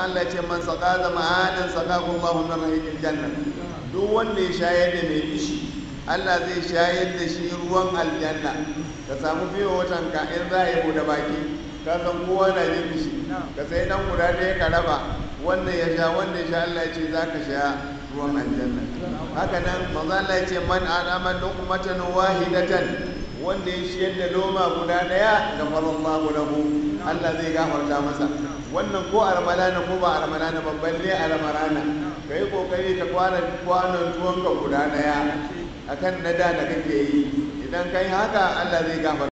manzo Allah ce man saka zama hadan saka Allahu min rahil janna duk wanda ya shayar da mai ishi Allah zai shayar da shi ruwan aljanna ka samu fiye watan ka in za ya yi baki ka san kowa na jin ishi ka sai dan guda da yaka raba wanda ya sha wanda sha Allah ce za ka sha ruwan aljanna haka nan manzo Allah ce man an amal wahidatan wanda ya shiyar da loma guda daya da na lahu Allah zai gafarta masa wannan ko almalana ko ba almalana ba balle Ka kai kokari ka kwana kwanan tuwon ka guda daya akan nada da kake yi idan kai haka Allah zai gafarta